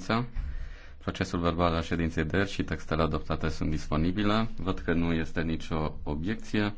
ședință. Procesul verbal al ședinței de și textele adoptate sunt disponibile. Văd că nu este nicio obiecție.